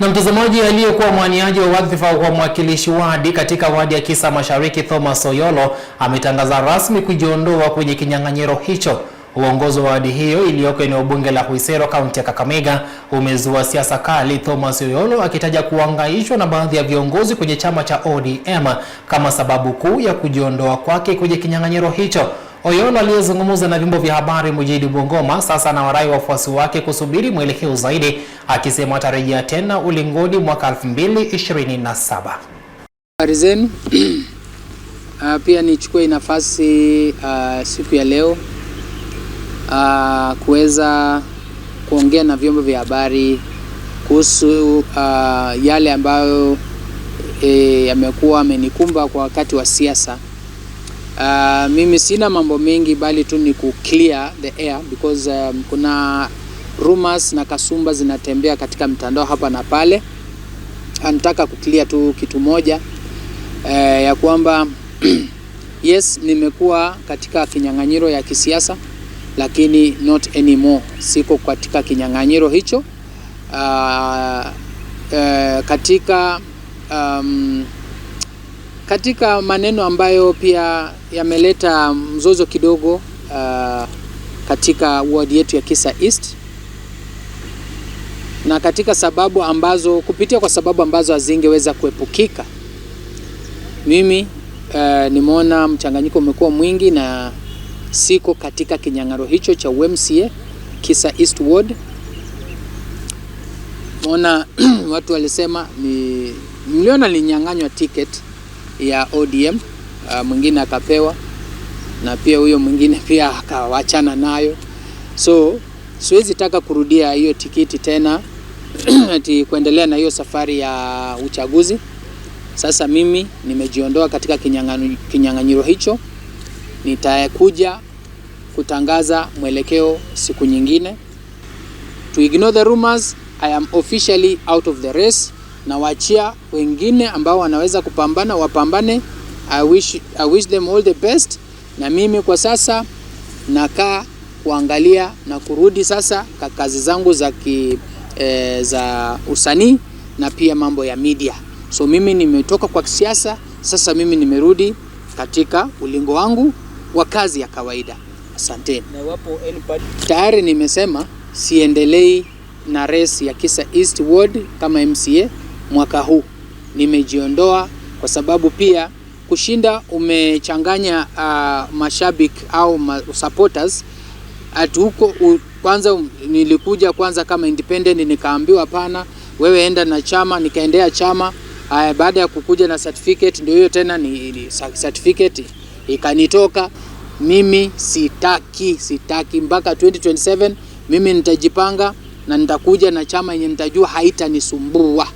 Na mtazamaji, aliyekuwa mwaniaji wa wadhifa wa mwakilishi wadi katika wadi ya Kisa Mashariki Thomas Oyolo ametangaza rasmi kujiondoa kwenye kinyang'anyiro hicho. Uongozi wa wadi hiyo iliyoko eneo bunge la Huisero, kaunti ya Kakamega, umezua siasa kali, Thomas Oyolo akitaja kuangaishwa na baadhi ya viongozi kwenye chama cha ODM kama sababu kuu ya kujiondoa kwake kwenye kinyang'anyiro hicho. Oyolo aliyezungumza na vyombo vya habari mjini Bungoma sasa na warai wafuasi wake kusubiri mwelekeo zaidi, akisema atarejea tena ulingoni mwaka 2027. Habari zenu. Uh, pia nichukue nafasi uh, siku ya leo uh, kuweza kuongea na vyombo vya habari kuhusu uh, yale ambayo e, yamekuwa amenikumba kwa wakati wa siasa. Uh, mimi sina mambo mengi bali tu ni ku clear the air because um, kuna rumors na kasumba zinatembea katika mtandao hapa na pale. Anataka ku clear tu kitu moja uh, ya kwamba yes, nimekuwa katika kinyang'anyiro ya kisiasa lakini not anymore, siko katika kinyang'anyiro hicho. Uh, uh, katika um, katika maneno ambayo pia yameleta mzozo kidogo uh, katika ward yetu ya Kisa East na katika sababu ambazo kupitia kwa sababu ambazo hazingeweza kuepukika, mimi uh, nimeona mchanganyiko umekuwa mwingi na siko katika kinyang'aro hicho cha UMCA Kisa East Ward. Ona watu walisema ni mliona nilinyang'anywa tiketi ya ODM, ah, mwingine akapewa na pia huyo mwingine pia akawachana nayo, so siwezi taka kurudia hiyo tikiti tena ati kuendelea na hiyo safari ya uchaguzi. Sasa mimi nimejiondoa katika kinyang'anyiro hicho, nitakuja kutangaza mwelekeo siku nyingine. To ignore the rumors, I am officially out of the race na wachia wengine ambao wanaweza kupambana wapambane. I wish, I wish them all the best. Na mimi kwa sasa nakaa kuangalia na kurudi sasa kwa kazi zangu za, ki, e, za usanii na pia mambo ya media. So mimi nimetoka kwa siasa, sasa mimi nimerudi katika ulingo wangu wa kazi ya kawaida. Asanteni. Tayari nimesema siendelei na race ya Kisa Ward kama MCA mwaka huu nimejiondoa, kwa sababu pia kushinda umechanganya uh, mashabiki au ma supporters hatuko kwanza. Um, nilikuja kwanza kama independent, nikaambiwa hapana, wewe enda na chama, nikaendea chama. uh, baada ya kukuja na certificate, ndio hiyo tena ni certificate ikanitoka mimi. Sitaki, sitaki mpaka 2027 mimi nitajipanga na nitakuja na chama yenye nitajua haitanisumbua.